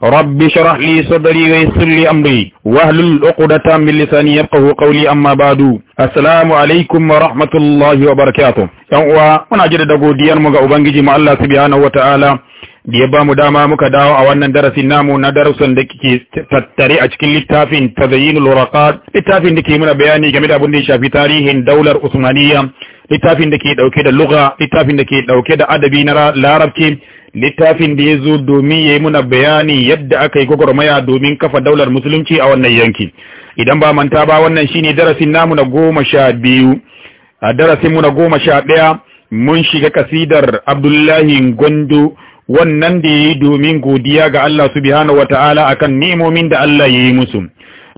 rabbi sharah li sadri yassir li amri wa hlul 'uqdata min lisani yafqahu qawli amma ba'du assalamu alaykum wa rahmatullahi wa barakatuh yan uwa muna jira da godiyar ga ubangiji mu Allah subhanahu wa ta'ala da ya ba mu dama muka dawo a wannan darasin namu na darasin da ke tattare a cikin littafin tazayyinul waraqat littafin da ke muna bayani game da abin da ya shafi tarihin daular usmaniyya littafin da ke dauke da lugha littafin da ke dauke da adabi na larabci littafin da ya zo domin ya yi muna bayani yadda aka yi gwagwarmaya domin kafa daular musulunci a wannan yanki idan ba manta ba wannan shine darasin namu na goma sha biyu a darasin mu na goma sha ɗaya mun shiga kasidar abdullahi gondo wannan da ya yi domin godiya ga Allah su subhanahu wataala akan nemomin da Allah ya yi musu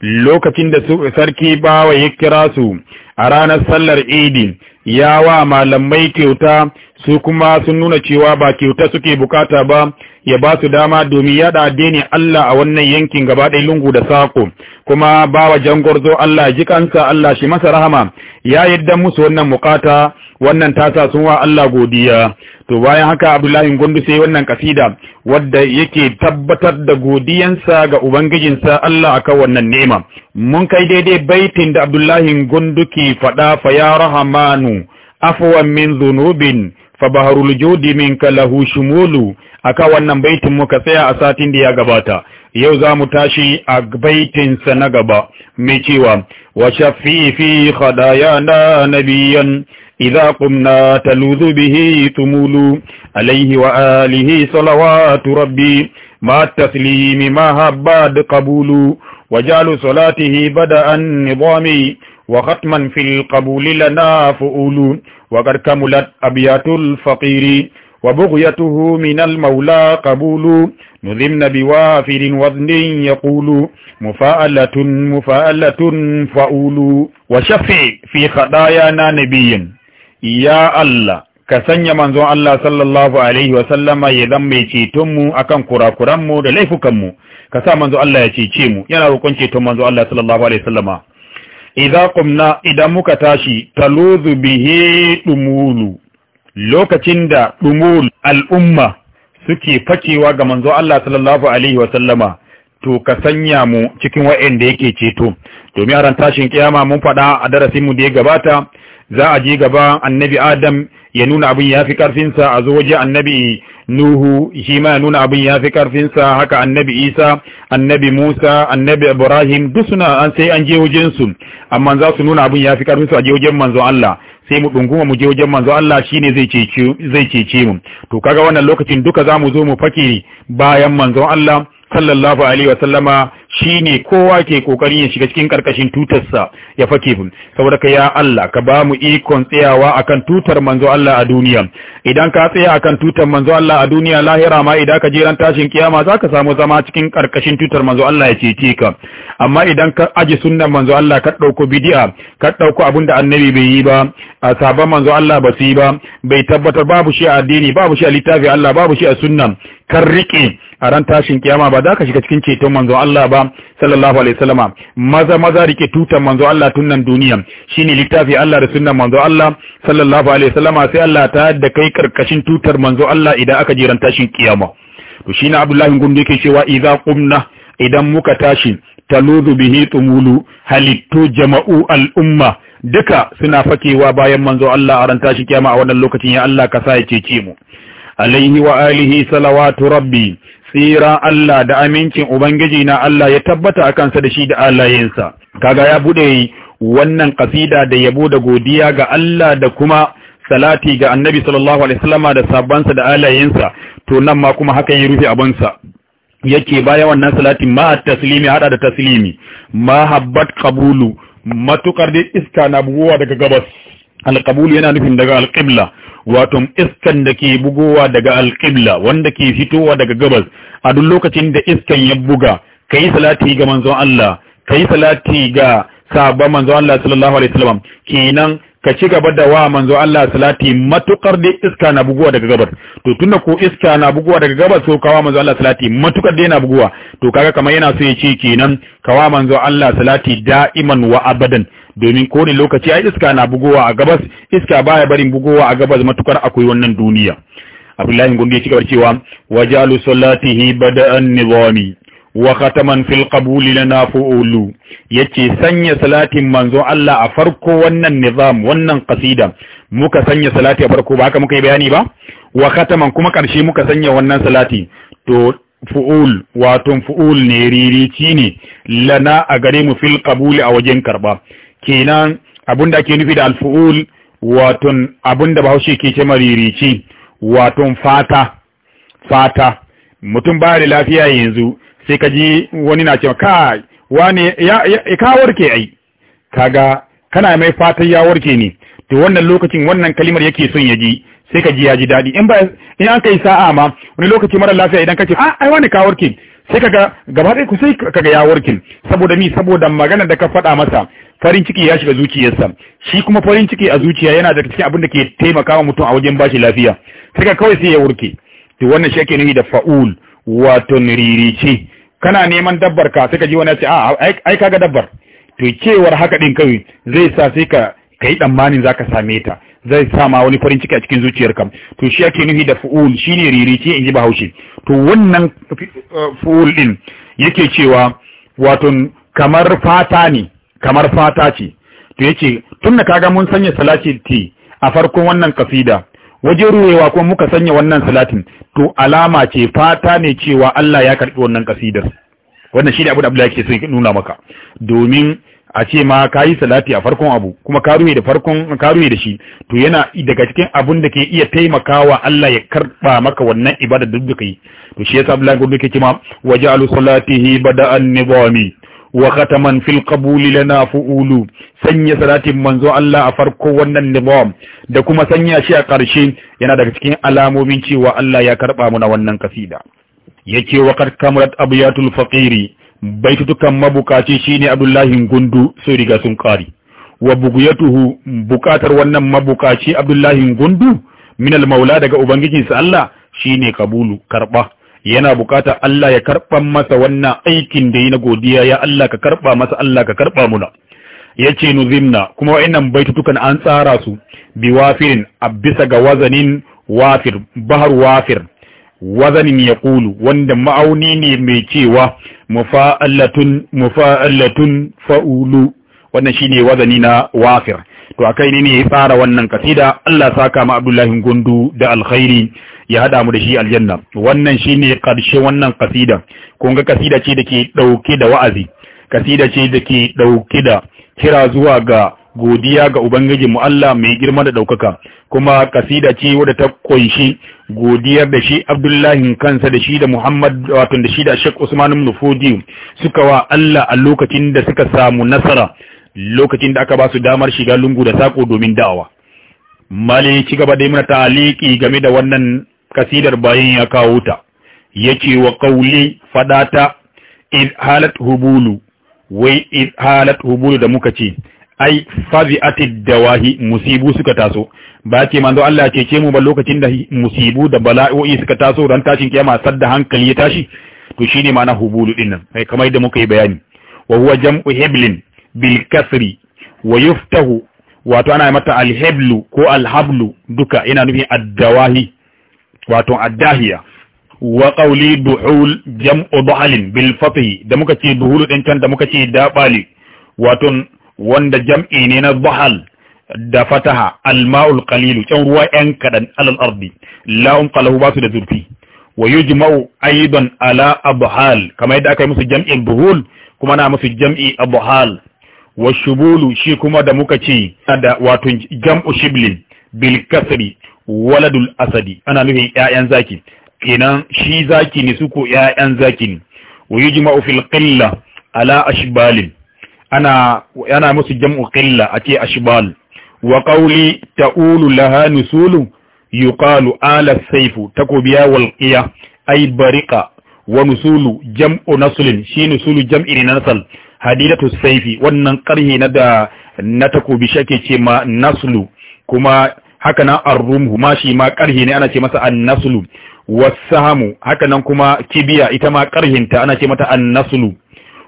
lokacin da sarki bawa ya kira su a ranar sallar idi ya wa malamai kyauta su kuma sun nuna cewa ba kyauta suke bukata ba ya ba su dama domin ɗade ne Allah a wannan yankin gaba ɗaya lungu da sako kuma ba wa jangorzo Allah ji kansa Allah shi masa rahama ya yadda musu wannan bukata. wannan ta sa sun wa Allah godiya to bayan haka Abdullahi Gondo sai wannan kasida wadda yake tabbatar da godiyansa ga ubangijinsa Allah akan wannan nema mun kai daidai baitin da Abdullahi Gondo ke fada fa ya rahamanu afwan min dhunubin fa baharul judi minka lahu shumulu aka wannan baitin muka tsaya a satin da ya gabata yau za mu tashi a baitinsa na gaba mai cewa wa shafi fi khadayana nabiyan إذا قمنا تلوذ به تمول عليه وآله صلوات ربي ما التسليم ما هباد قبول وجعل صلاته بدأ نظامي وختما في القبول لنا فؤول وقد كملت أبيات الفقير وبغيته من المولى قبول نذمن بوافر وزن يقول مفاءلة مفاءلة فؤول وشفي في خطايانا نبيا ya Allah ka sanya manzon Allah sallallahu alaihi wa sallama ya zan mai ceton mu akan kurakuran mu da laifukan mu ka sa manzon Allah ya cece mu yana roƙon ceton manzon Allah sallallahu alaihi wa sallama idza qumna idan muka tashi taluzu bihi dumulu lokacin da dumul al'umma suke fakewa ga manzon Allah sallallahu alaihi wa sallama to ka sanya mu cikin wa'anda yake ceto domin ran tashin kiyama mun faɗa a darasin mu da ya gabata za a je gaba annabi adam ya nuna abin ya fi karfinsa a zo waje annabi nuhu shi ma ya nuna abin ya fi karfinsa haka annabi isa annabi musa annabi ibrahim duk suna an sai an je wajensu amma za su nuna abin ya fi karfinsu a je wajen manzon Allah sai mu dunguma mu je wajen manzo Allah shi ne zai cece mu to kaga wannan lokacin duka za mu zo mu fake bayan manzo Allah sallallahu alaihi wa sallama shi ne kowa ke kokarin ya shiga cikin karkashin tutarsa ya fake bin saboda ka ya Allah ka ba mu ikon tsayawa akan tutar manzo Allah a duniya idan ka tsaya akan tutar manzo Allah a duniya lahira ma idan ka jiran tashin kiyama za ka samu zama cikin karkashin tutar manzo Allah ya cece ka amma idan ka aji sunnan manzo Allah ka dauko bid'a ka dauko abin da annabi bai yi ba a sabon manzo Allah ba su yi ba bai tabbatar babu shi a addini babu shi a littafi Allah babu shi a sunna kan rike a ran tashin kiyama ba za ka shiga cikin ceton manzon Allah ba sallallahu alaihi wasallama maza maza rike tutan manzo Allah tun nan duniya shine littafi Allah da sunnan manzon Allah sallallahu alaihi wasallama sai Allah ta da kai karkashin tutar manzon Allah idan aka jiran tashin kiyama to shine Abdullahi gundu yake cewa idza qumna idan muka tashi taluzu bihi tumulu halittu jama'u al'umma duka suna fakewa bayan manzo Allah a ran tashin kiyama a wannan lokacin ya Allah ka sa ya mu alaihi wa alihi salawatu rabbi tsira Allah da amincin ubangiji na Allah ya tabbata a kansa da shi da alayensa kaga ya bude wannan kasida da yabo da godiya ga Allah da kuma salati ga annabi sallallahu alaihi wasallama da sabansa da alayensa to nan ma kuma haka ya rufe abansa yake baya wannan salati ma taslimi hada da taslimi ma habbat qabulu matukar da iska na buwa daga gabas Alƙabulu yana nufin daga alƙibla. wato iskan da ke bugowa daga alƙibla wanda ke fitowa daga gabas a duk lokacin da iskan ya buga kai salati ga manzon Allah kai salati ga sahabban manzon Allah sallallahu alaihi wasallam kenan ka ci gaba da wa manzo Allah salati matukar da iska na buguwa daga gabas to tunda ko iska na buguwa daga gabas so kawa manzo Allah salati matukar da na buguwa to kaga kamar yana so ya ce kenan kawa manzo Allah salati da'iman wa abadan domin kowane lokaci ayi iska na bugowa a gabas iska baya barin bugowa a gabas matukar akwai wannan duniya abdullahi gondi ya cigaba cewa wajalu salatihi bada'an nizami wa khataman fil qabuli lana fu'ulu yace sanya salatin manzo Allah a farko wannan nizam wannan qasida muka sanya salati a farko ba haka muka yi bayani ba wa khataman kuma karshe muka sanya wannan salati to fu'ul wato fu'ul ne ririci ne lana a gare mu fil qabuli a wajen karba kenan abinda ake nufi da alfu'ul waton abinda bahaushe ke ce maririci waton fata fata mutum ba da lafiya yanzu sai ka ji wani na cewa kai wani ya, ya ka warke ai kaga kana mai fatan ya warke ne to wannan lokacin wannan kalimar yake son ya ji sai ka ji ya ji dadi in ba in an kai sa'a ma wani lokaci mara lafiya idan kace ah ai wani ka warke sai kaga gaba ɗaya ku sai kaga ya warke saboda mi saboda magana da ka faɗa masa farin ciki ya shiga zuciyarsa shi kuma farin ciki a zuciya yana da cikin abin da ke taimakawa mutum a wajen bashi lafiya sai ka kawai sai ya wurke. to wannan shi ake nufi da fa'ul wato ririce kana neman dabbar ka sai ka ji wani ya ce a ai kaga dabbar to cewar haka din kawai zai sa sai ka kai tsammanin za ka same ta zai sa ma wani farin ciki a cikin zuciyarka to shi ake nufi da shi shine ririce in ji bahaushe to wannan eh, faul din yake cewa wato kamar fata ne kamar fata ce to yace tun da kaga mun sanya salati ti a farkon wannan kasida waje ruwewa kuma muka sanya wannan salatin to alama ce fata ne cewa Allah ya karbi wannan kasidar wannan shi ne abu da Abdullahi ke so nuna maka domin a ce ma ka yi salati a farkon abu kuma ka ruwe da farkon ka ruwe da shi to yana daga cikin abun da ke iya taimakawa Allah ya karba maka wannan ibada duk da kai to shi yasa Abdullahi gudu ke cewa waja'alu salatihi bada'an nizami wa khataman fil qabul lana fuulu sanya salatin manzo Allah a farko wannan nizam da kuma sanya shi a ƙarshe yana daga cikin alamomin cewa Allah ya karba na wannan kasida yake wa kad kamrat abyatul faqiri dukkan mabukaci shine Abdullahi Gundu sai riga sun kari wa tuhu bukatar wannan mabukaci Abdullahi Gundu Minal al maula daga ubangijinsa Allah shine kabulu karba yana bukata Allah ya karɓa masa wannan aikin da yi na godiya ya Allah ka karɓa masa Allah ka karɓa muna ya ce nuzimna kuma baitu baitutukan an tsara su bi wafirin a bisa ga wazanin wafir bahar wafir wazanin ya kulu wanda ma'auni ne mai cewa mufa'allatun mufa'allatun fa'ulu wannan shine wazani na wafir to akai ne ne ya tsara wannan kasida Allah saka ma Abdullahi Gundu da alkhairi ya hada mu da shi aljanna wannan shine karshe wannan kasida kun ga kasida ce dake dauke da wa'azi kasida ce dake dauke da kira zuwa ga godiya ga mu Allah mai girma da daukaka kuma kasida ce wadda ta kunshi godiyar da shi Abdullahi kansa da shi da Muhammad wato da shi da Sheikh Usman ibn Fudi suka wa Allah a lokacin da suka samu nasara lokacin da aka ba su damar shiga lungu da sako domin da'awa mali ci gaba da yi mana taliki game da wannan kasidar bayan ya kawo ta yace wa ƙauli fadata id halat hubulu wai id halat hubulu da muka ce ai fazi'atid dawahi musibu suka taso ba ce manzo Allah ya ce mu ba lokacin da musibu da bala'o'i suka taso don tashin kiyama sadda hankali ya tashi to shine ma'ana hubulu din nan kai kamar yadda muka yi bayani wa huwa jam'u hiblin bil kasri wa yuftahu wato ana mata al hiblu ko al hablu duka yana nufin ad-dawahi wato addahiya wa qawli duhul jam'u duhalin bil fathi da muka ce duhul din can da muka ce dabali wato wanda jam'i ne na duhal da fataha alma'ul qalil can ruwa yan kadan alal ardi la qalahu basu da zurfi wa yujma'u aidan ala abhal kamar yadda aka yi musu jam'in duhul kuma na musu jam'i abhal wa shubulu shi kuma da muka ce da wato jam'u shiblin bil kasri waladul asadi ana nufin ƴaƴan zaki kenan shi zaki ne suko ko ƴaƴan zaki ne wa yujma'u fil qilla ala ashbalin ana musu jam'u qilla ake ashbal wa qawli ta'ulu laha nusulu yuqalu ala sayfu takubiya wal qiya ay bariqa wa nusulu jam'u naslin shi nusulu jam'i ne nasal hadidatu sayfi wannan karhi na da na takubi shake ce ma naslu kuma haka nan arrumhu ma shi ma karhi ne ana ce masa annaslu wasahamu haka nan kuma kibiya ita ma ta ana ce mata annaslu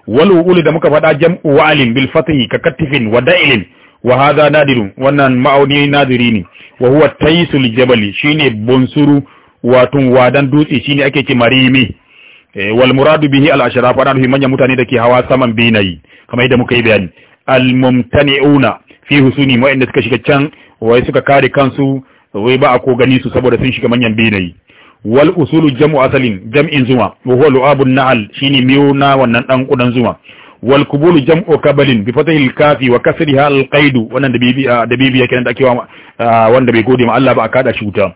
wal da muka faɗa jam'u wa'alin bil fathi ka katifin wa da'ilin wa hadha nadirun wannan ma'auni nadiri ne wa huwa taysul jabali shine bunsuru wato wadan dutse shine ake ce marimi eh, wal muradu bihi al ashraf ana nufin mutane da ke hawa saman binayi kamar yadda muka yi bayani al mumtani'una fi husuni wa'inda suka shiga can wai suka kare kansu wai ba a ko gani su saboda sun shiga manyan benayi wal usulu jam'u asalin jam'in zuma wa huwa lu'abun na'al shine miyo na wannan dan kudan zuma wal kubulu jam'u kabalin bi fatahil kafi wa kasriha al qaidu wannan da bibi ah, da bibi yake nan da ake ah, wanda bai gode ma Allah ba a kada shi wuta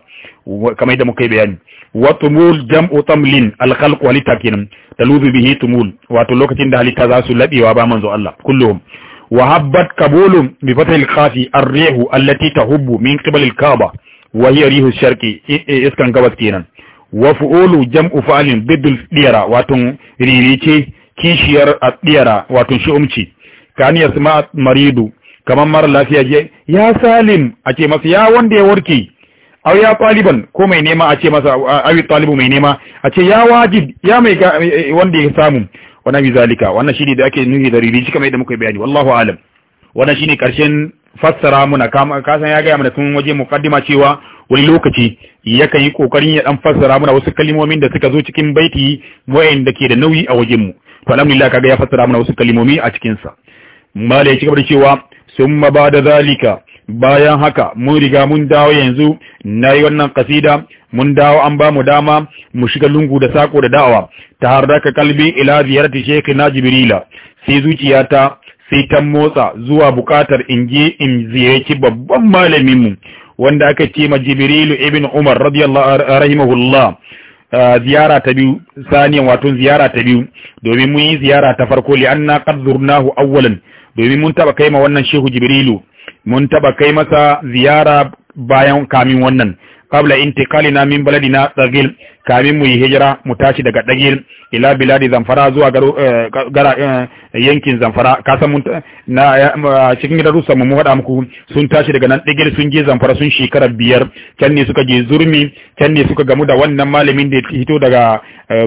kamar yadda muka yi bayani wa tumul jam'u tamlin al khalq wa litakin taluzu bihi tumul wato lokacin da halitta za su labewa ba manzo Allah kulluhum وهبت كبول بفتح الخاف الريح التي تهب من قبل الكعبة وهي ريح الشرق اسكن قبس كينا وفؤول جمع فعل ضد الديرة واتن ريريتي كيشير الديرة واتن شؤمتي كان يسمع مريض كما مر لا في يا سالم أجي مس يا وندي وركي أو يا طالبا كو مينيما أجي a ce masa awi talibu mai nema a ce ya wajib ya wa nabi zalika wannan ne da ake nuhi da ribi mai da muka yi bayani wallahu alam wannan ne karshen fassara muna kasan ya gaya mana tun waje muqaddima cewa wani lokaci yakan yi ƙoƙarin ya dan fassara muna wasu kalimomin da suka zo cikin baiti da ke da nauyi a wajen mu to alhamdulillah kaga ya fassara muna wasu kalimomi a cikin sa mala ya ci gaba da cewa summa da zalika bayan haka mun riga mun dawo yanzu na yi wannan kasida mun dawo an ba mu dama mu shiga lungu da sako da da'awa ta harraka kalbi ila ziyarati sheikh na jibrila sai zuciyata sai ta motsa zuwa bukatar in je in ziyarci babban malaminmu wanda aka ce ma jibrilu ibn umar radiyallahu rahimahullah ziyara ta biyu saniyan wato ziyara ta biyu domin mun yi ziyara ta farko li'anna qad zurnahu awwalan domin mun taba kai ma wannan shehu jibrilu mun taba kai masa ziyara bayan kamin wannan qabla intiqalina min baladina dagil kamin mu yi hijira mu tashi daga dagil ila biladi zamfara zuwa eh, gara eh, yankin zamfara kasan mun na eh, cikin gidan rusa mu faɗa muku sun tashi daga nan dagil sun je zamfara sun shekara biyar can ne suka je zurmi can ne suka gamu da wannan malamin da ya hito daga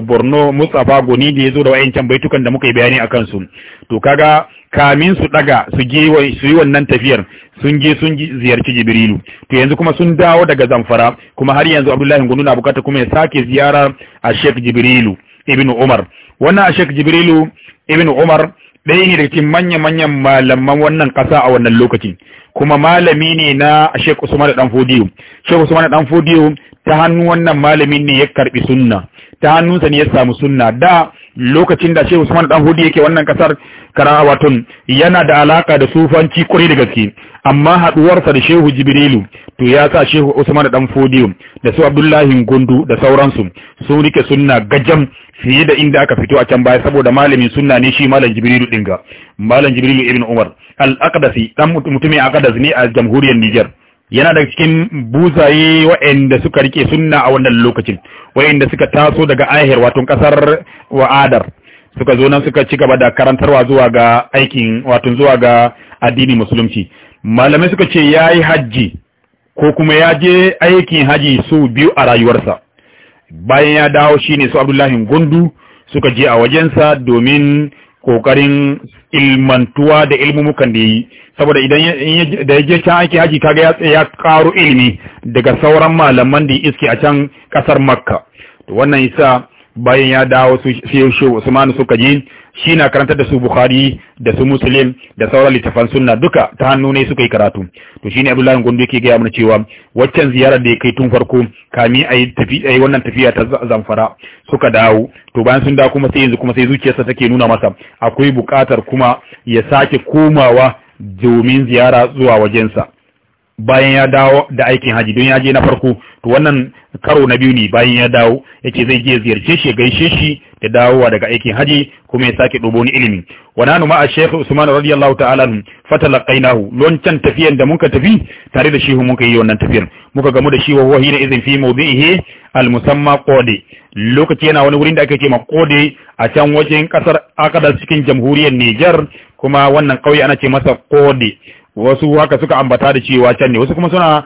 Borno Mustafa Goni da ya zo da wayancan baitukan da muka yi bayani a kansu to kaga kamin su daga su je su yi wannan tafiyar sun je sun ziyarci Jibrilu to yanzu kuma sun dawo daga Zamfara kuma har yanzu Abdullahi Gunu na bukata kuma ya sake ziyara a Sheikh Jibrilu ibn Umar wannan a Sheikh Jibrilu ibn Umar ɗaya ne daga cikin manya-manyan malaman wannan ƙasa a wannan lokaci kuma malami ne na Sheikh Usman da Fodiyo Sheikh Usman da Fodiyo ta hannu wannan malamin ne ya karɓi sunna ta hannunsa ne ya samu sunna da lokacin da Shehu Usman dan Hudi yake wannan kasar karawatun yana da alaka da sufanci kure da gaske amma haduwarsa da Shehu Jibrilu to ya sa Shehu Usman dan Hudi da su Abdullahi Gundu da sauransu su rike sunna gajam fiye da inda aka fito a can baya saboda malamin sunna ne shi malam Jibrilu dinga malam Jibrilu ibn Umar al dan mutumin Aqdas ne a jamhuriyar nijar. yana daga cikin buzaye waɗanda suka rike sunna a wannan lokacin waɗanda suka taso daga ahir wato kasar 'adar suka zo nan suka ci gaba da karantarwa zuwa ga aikin wato zuwa ga addini musulunci malamai suka ce ya yi hajji ko kuma ya je aikin haji su biyu a rayuwarsa bayan ya dawo shine su Abdullahi Gundu suka je a wajensa domin kokarin ilmantuwa da ilmumukan da yi saboda idan da ya je can aiki haji kaga ya ya karo ilimi daga sauran malaman da iske a can kasar makka to wannan isa bayan ya dawo su shehu Usman suka je shi na karantar da su bukhari da su musulun da sauran littafan sunna duka ta hannu ne suka yi karatu to shi ne abdullahi gondo yake gaya mana cewa waccan ziyarar da ya kai tun farko kami a yi wannan tafiya ta zamfara suka dawo to bayan sun dawo kuma sai yanzu kuma sai zuciyarsa take nuna masa akwai buƙatar kuma ya sake komawa domin ziyara zuwa wajensa bayan ya dawo da aikin haji don ya je na farko to wannan karo na biyu ne bayan ya dawo yake zai je ziyarce shi gaishe shi da dawowa daga aikin haji kuma ya sake dubo ni ilimi wa nanu ma shaykh usman radiyallahu ta'ala an fatalaqainahu loncan tafiyan da muka tafi tare da shi muka yi wannan tafiyar muka gamu da shi wa huwa izin idhin fi mawdihi al musamma qodi lokaci yana wani wurin da ake ce ma qodi a can wajen kasar akada cikin jamhuriyar Niger kuma wannan kauye ana ce masa qodi wasu haka suka ambata da cewa can ne wasu kuma suna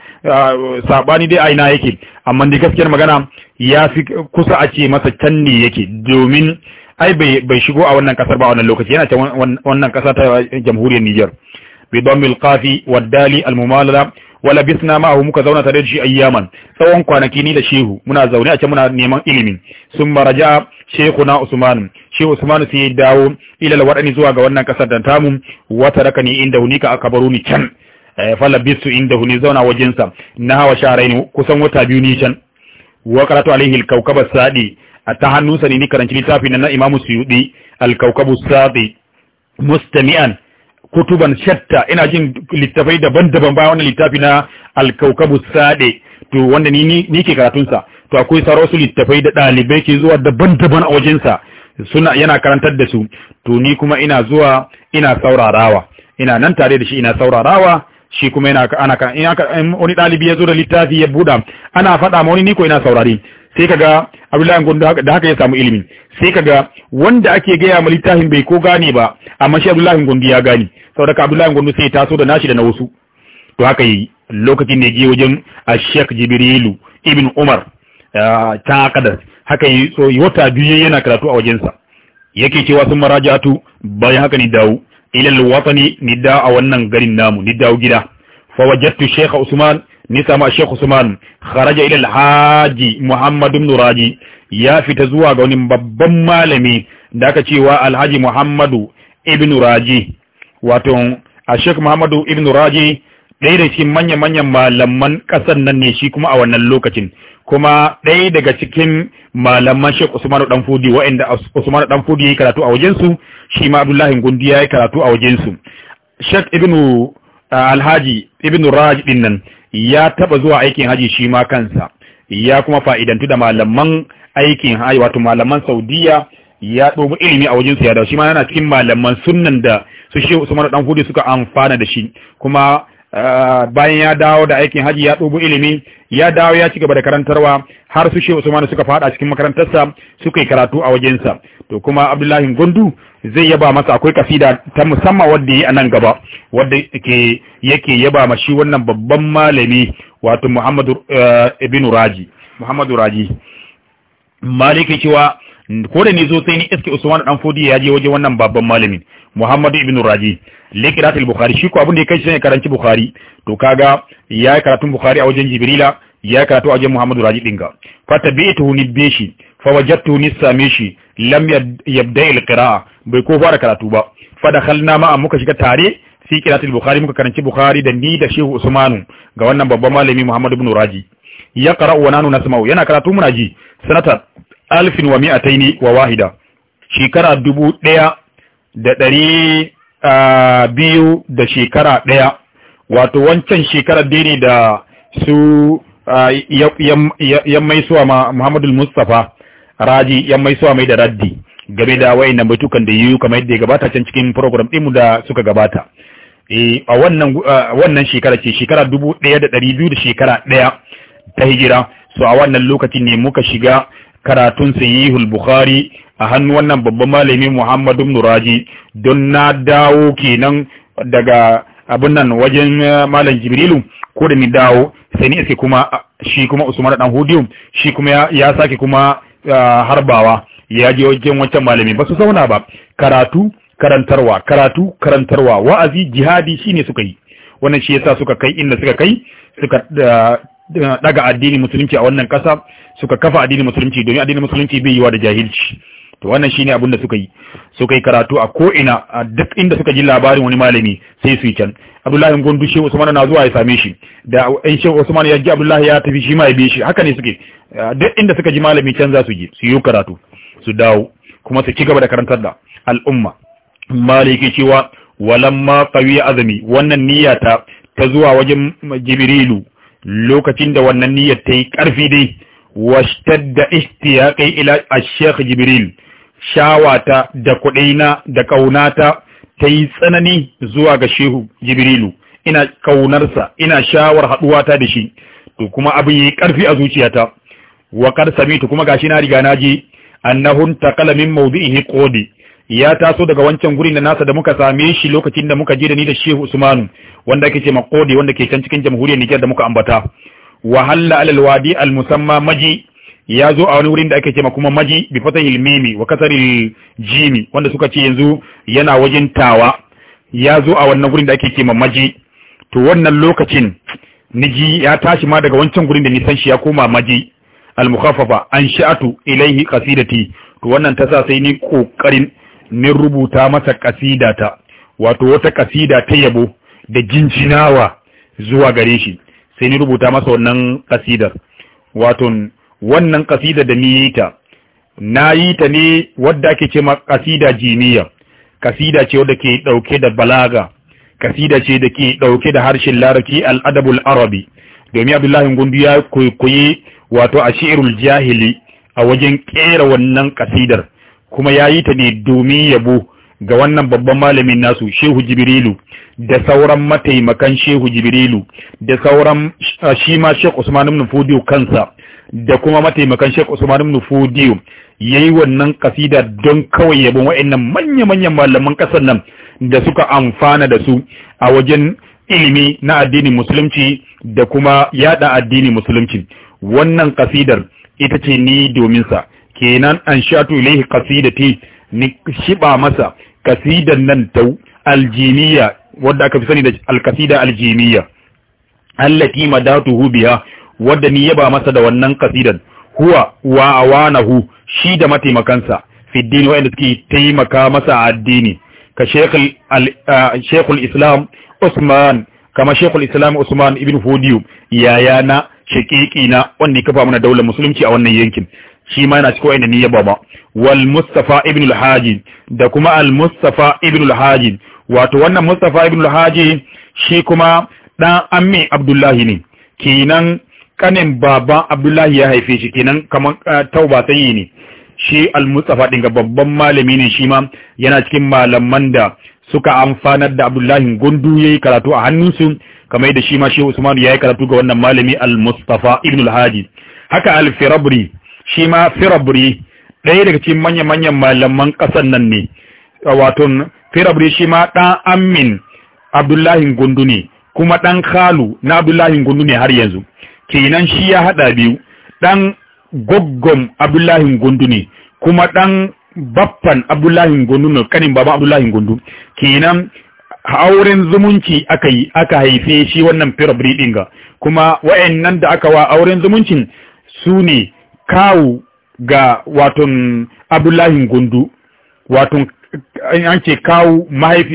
sabani dai aina yake amma dai gaskiyar magana ya fi kusa a ce masa can ne yake domin ai bai shigo a wannan kasar ba wannan lokaci yana can wannan kasa ta jamhuriyar nijar bi dammil qafi wad al mumalala wala bisna ma'ahu muka zauna tare da shi ayyaman tsawon kwanaki ni da shehu muna zaune a can muna neman ilimi sun maraja shekuna usman shehu usman sai ya dawo ilal wadani zuwa ga wannan kasar da tamu wata rakani inda huni aka baro ni can eh, bisu inda huni zauna sa na hawa sharaini kusan wata biyu ni can wa qaratu alaihi alkawkab asadi ta hannunsa ne ni karanci littafin na imamu suyudi alkawkab asadi mustami'an kutuban shatta ina jin littafai daban-daban bayan wannan littafi na alkaukabu sade to wanda ni ni ke karatunsa to akwai sauran wasu littafai da ɗalibai ke zuwa daban-daban a wajensa suna yana karantar da su to ni kuma ina zuwa ina saurarawa ina nan tare da shi ina saurarawa shi kuma yana ana kan wani ɗalibi ya zo da littafi ya buɗa ana faɗa ma wani ni ko ina saurari sai kaga Abdullahi Gondo da haka ya samu ilimi sai kaga wanda ake gaya ma littafin bai ko gane ba amma shi Abdullahi Gondo ya gane saboda Abdullahi Gondo sai ya taso da nashi da na wasu to haka yi lokacin da ya je wajen Sheikh Jibrilu Ibn Umar ta kada haka yi so wata biyu yana karatu a wajensa yake cewa sun marajatu bayan haka ni dawo ilal watani ni da a wannan garin namu ni dawo gida fa wajadtu Sheikh Usman ni ma Sheikh Usman kharaja ila al-Haji Muhammad ibn Raji ya fita zuwa ga wani babban malami da aka cewa Alhaji Muhammadu ibn Raji wato a Sheikh Muhammadu ibn Raji ɗaya da cikin manya-manyan malaman kasar nan ne shi kuma a wannan lokacin kuma ɗaya daga cikin malaman Sheikh Usman Danfodi waɗanda Usman Dan ya yi karatu a wajensu shi ma Abdullahi Gundi ya yi karatu a wajensu Sheikh Ibn Alhaji Ibn Raji din ya taba zuwa aikin haji shi ma kansa ya kuma fa'idantu da malaman aikin haji wato malaman Saudiya ya dogo ilimi a wajen su ya shi ma yana cikin malaman sunnan da su shi Usman dan hudu suka amfana da shi kuma Ah, bayan ya dawo da aikin haji ya dubo ilimi ya dawo ya ci gaba da karantarwa har su Shehu Usman suka fada cikin makarantarsa suka yi karatu a sa to kuma Abdullahi Gondu zai yaba masa akwai kasida ta musamman wadda yi a nan gaba wadda yake yake yaba ma shi wannan babban malami wato Muhammadu eh, ibn Raji Muhammadu Raji maliki cewa ko da ni zo sai ni iske Usman dan Fodi ya je waje wannan babban malamin Muhammadu ibnu Raji likirat al-Bukhari shi ko abin da ya kai shi ne karanci Bukhari to kaga ya karatu Bukhari a wajen Jibrila ya karatu a wajen Muhammadu Raji dinga fa tabi'tuhu ni bishi fa wajadtu ni same shi lam yabda al-qira'a bai ko fara karatu ba fa dakhalna ma muka shiga tare fi al Bukhari muka karanci Bukhari da ni da Shehu Usmanu ga wannan babban malami Muhammadu ibn Raji ya qara'u wa nanu nasma'u yana karatu muna ji sanata alfin wa mi'ataini wa wahida shekara dubu ɗaya da ɗari biyu da shekara ɗaya wato wancan shekarar dai ne da su yan mai suwa Muhammadu Mustapha Raji yan suwa mai da raddi game da wayannan batukan da yiwu kamar yadda ya gabata can cikin program ɗinmu da suka gabata e, a wannan shekara ce shekara dubu ɗaya da ɗari biyu da shekara ɗaya ta hijira so a wannan lokacin ne muka shiga karatun sahihul bukhari a hannu wannan babban malami muhammadu nuraji don na dawo kenan daga abin nan wajen eh, malam jibrilu ko da ni dawo sai ni iske kuma ah, shi kuma usman dan hudiyu shi kuma ya sake kuma ah, harbawa ya je wajen wancan malami ba su zauna ba karatu karantarwa karatu karantarwa wa'azi jihadi shi ne suka yi wannan shi yasa suka kai inda suka kai suka daga addini musulunci a wannan kasa suka kafa addinin musulunci domin addinin musulunci bai yiwa da jahilci to wannan shine abin da suka yi suka yi karatu a ko ina a duk inda suka ji labarin wani malami sai su yi can abdullahi gondu shehu usman na zuwa ya same shi da ɗan shehu usman ya ji abdullahi ya tafi shi ma ya bi shi haka ne suke duk inda suka ji malami can za su je su yi karatu su dawo kuma su ci gaba da karantar da al'umma maliki cewa walamma qawi azmi wannan niyyata ta zuwa wajen jibrilu lokacin da wannan niyyar ta yi karfi dai واشتد ihtiyaqi ila الشيخ جبريل jibril shawata da kudaina da kaunata tayi tsanani zuwa ga shehu jibrilu ina kaunarsa ina shawar haduwata da shi to kuma abin yi karfi a zuciyata wa qad samitu kuma gashi na riga naji annahu taqala min mawdihi qodi ya taso daga wancan gurin da nasa da muka same shi lokacin da muka je da ni da Shehu Usmanu wanda ake ce wanda ke can cikin jamhuriyar Nijar da muka ambata wa halla alal wadi al musamma maji ya zo a wani wurin da ake cewa kuma maji bi fatahil mimi wa kasaril jimi wanda suka ce yanzu yana wajen tawa ya zo a wannan wurin da ake cewa maji to wannan lokacin niji ya tashi ma daga wancan gurin da nisan shi ya koma maji al an sha'atu ilaihi qasidati to wannan ta sa sai ni kokarin ni rubuta masa kasidata wato wata kasida ta yabo da jinjinawa zuwa gare shi sai ni rubuta masa wannan kasidar wato wannan kasida da ni yi ta na yi ta ne wadda ake ce ma kasida jiniya kasida ce wadda ke dauke da balaga kasida ce da ke dauke da harshen laraki al'adabul arabi domin abdullahi gundu ya koyi wato a shi'irul jahili a wajen kera wannan kasidar kuma ya yi ta ne domin yabo ga wannan babban malamin nasu shehu jibrilu da sauran mataimakan shehu jibrilu da sauran ah, shi ma shek usman ibn fudiyo kansa da kuma mataimakan shek usman ibn fudiyo yayi wannan kasida don kawai yabon wa'annan manya-manyan malaman kasar nan da suka amfana da su a wajen ilimi na addinin musulunci da kuma yada addinin musulunci wannan kasidar ita ce ni domin sa kenan an shatu ilaihi kasidati. ni shiba masa kasidan nan ta aljiniya wadda aka fi sani da alkasida aljiniya allati madatuhu biha wadda ni yaba masa da wannan kasidan huwa wa awanahu shi da mataimakansa fi dini wa'anda suke taimaka masa a addini ka shekul islam usman kama shekul islam usman ibn hudiyu yayana shakiki na wanda ya kafa mana daular musulunci a wannan yankin shi ma yana cikin wa'inda ni yaba ba wal mustafa ibn al-haji da kuma al mustafa ibn al-haji wato wannan mustafa ibn al-haji shi kuma dan ammi abdullahi ne kenan kanin baban abdullahi ya haife shi kenan kamar eh, tauba sanyi ne shi al mustafa din ga babban malami ne shi ma yana cikin malaman da suka amfanar da abdullahi gundu yayi karatu a hannunsu kamar da shi ma shi usman yayi karatu ga wannan malami al mustafa ibn al-haji haka al firabri shi ma firabri ɗaya daga cikin manya-manyan malaman ƙasar nan ne wato firabri shi ma ɗan amin abdullahi gundu ne kuma ɗan kalu na abdullahi gundu ne har yanzu kenan shi ya haɗa biyu ɗan goggon abdullahi gundu ne kuma ɗan baffan abdullahi gundu ne kanin baban abdullahi gundu kenan auren zumunci aka yi aka haife shi wannan firabri ɗin ga kuma wa'annan da aka wa auren zumuncin su ne kawu ga waton abdullahi gundu waton an ce kawu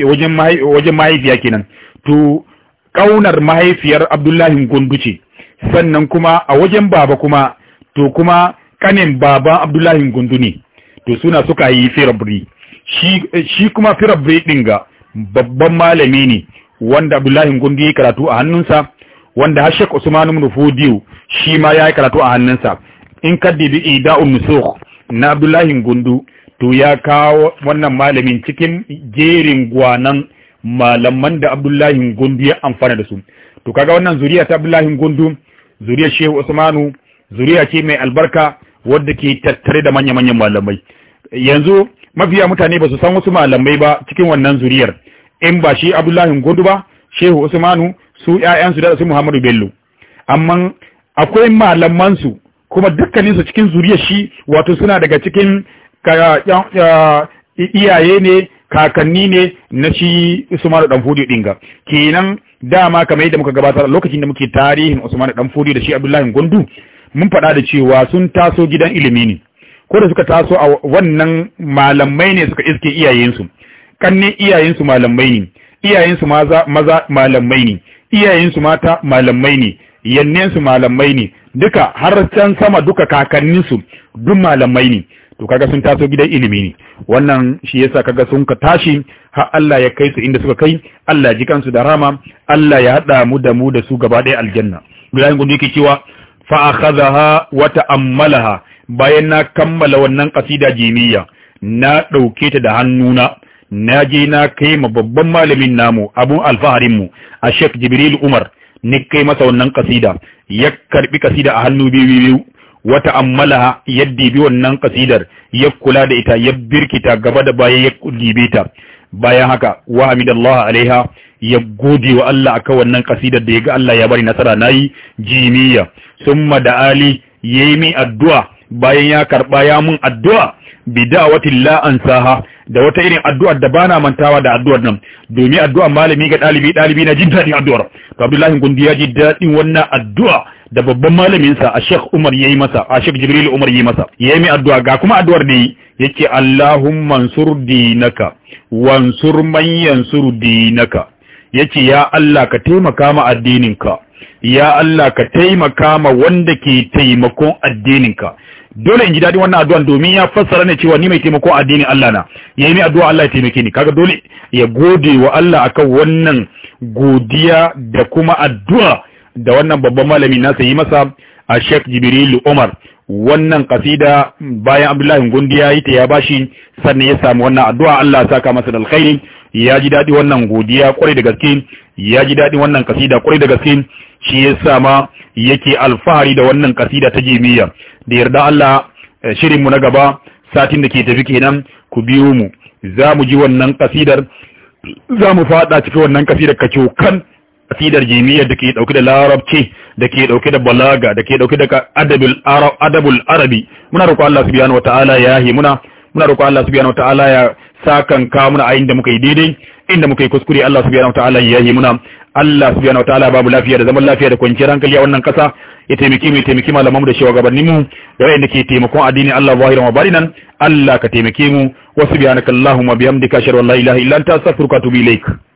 wajen mahaifiya kenan to kaunar mahaifiyar abdullahi gundu ce sannan kuma a wajen baba kuma to kuma kanin baban abdullahi gundu ne to suna suka yi firabri shi kuma firabri ɗin ga babban malami ne wanda abdullahi gundu ya karatu a hannunsa wanda hashe usmanu usman shi ma ya yi karatu a hannunsa in ka dibi ida'un um nusukh na Abdullahi Gundu to ya kawo wannan malamin cikin jerin gwanan malaman da Abdullahi Gundu ya amfana da su to kaga wannan zuriya ta Abdullahi Gundu zuriya Shehu Usmanu zuriya ce mai albarka wadda ke tattare da manya-manyan malamai yanzu mafiya mutane ba su san wasu malamai ba cikin wannan zuriyar in ba shi Abdullahi Gundu ba Shehu Usmanu su ƴaƴansu da su Muhammadu Bello amma akwai malaman su kuma dukkaninsu cikin zuriya shi wato suna daga cikin iyaye ne kakanni ne na shi Usman dan Fodiyo dinga kenan dama kamar yadda muka gabatar lokacin da muke tarihin Usman dan Fodiyo da shi Abdullahi Gundu mun faɗa da cewa sun taso gidan ilimi ne ko da suka taso a wannan malamai ne suka iske iyayensu kanne iyayensu malamai ne iyayensu maza maza malamai ne iyayensu mata malamai ne yannensu malamai ne duka har can sama duka kakanninsu duk malamai ne to kaga sun taso gidan ilimi ne wannan shi yasa kaga sun ka tashi har Allah ya kai su inda suka kai Allah ji kansu da rama Allah ya hada mu da mu da su gaba ɗaya aljanna Ibrahim gudu yake cewa fa akhadha wa ta'ammalaha bayan na kammala wannan qasida jimiyya na dauke ta da hannuna na je na kai ma babban malamin namu abun alfaharin mu a Sheikh Jibril Umar ni kai masa wannan kasida ya karbi kasida a hannu biyu biyu wata ammalaha ya dibi wannan kasidar ya kula da ita ya birkita gaba da baya ya dibe ta bayan haka wa hamidallah alaiha ya gode wa Allah akan wannan kasidar da ya ga Allah ya bari nasara nayi jiniya summa da ali yayi mi addu'a bayan ya karba ya mun addu'a bida'awatin la ansaha da wata irin addu'ar da bana mantawa da addu'ar nan domin addu'ar malami ga dalibi dalibi na jin daɗin addu'ar to Abdullahi Gundi ya ji dadin wannan addu'a da babban malamin sa a Sheikh Umar yayi masa a Sheikh Jibril Umar yayi masa yayi mai addu'a ga kuma addu'ar da yake Allahumma ansur dinaka wansur man yansur dinaka yake ya Allah ka taimaka ma addininka ya Allah ka taimaka ma wanda ke taimakon addininka dole in ji dadin wannan addu'an domin ya fassara ne cewa ni mai taimako addinin Allah na yayi ni addu'a Allah ya taimake ni kaga dole ya gode wa Allah akan wannan godiya da kuma addu'a da wannan babban malami nasa yi masa a Sheikh Jibril Umar wannan kasida bayan Abdullahi Gundi ya yi ta ya bashi sannan ya samu wannan addu'a Allah ya saka masa da alkhairi ya ji daɗi wannan godiya ƙwarai da gaske ya ji daɗi wannan kasida ƙwarai da gaske shi ya sa ma yake alfahari da wannan kasida ta jimiyya da yarda Allah eh, shirinmu na gaba satin da ke tafi kenan ku biyo mu za mu ji wannan kasidar za mu faɗa cikin wannan kasidar kan kasidar jimiyyar da ke ɗauke da larabci da ke ɗauke da balaga da ke ɗauke da adabul arabi muna roƙo Allah subhanahu wataala ya himuna muna roƙo Allah subhanahu wataala ya sakan ka muna a inda muka yi daidai inda muka yi kuskure Allah subhanahu ta'ala ya yi muna Allah subhanahu ta'ala babu lafiya da zaman lafiya da kwanciyar hankali a wannan kasa ya taimaki mu taimaki malamanmu da shugabannin mu da wayanda ke taimakon addinin Allah zahiran wa barinan Allah ka taimake mu wa subhanakallahumma bihamdika ashhadu an la ilaha illa anta astaghfiruka wa atubu ilaik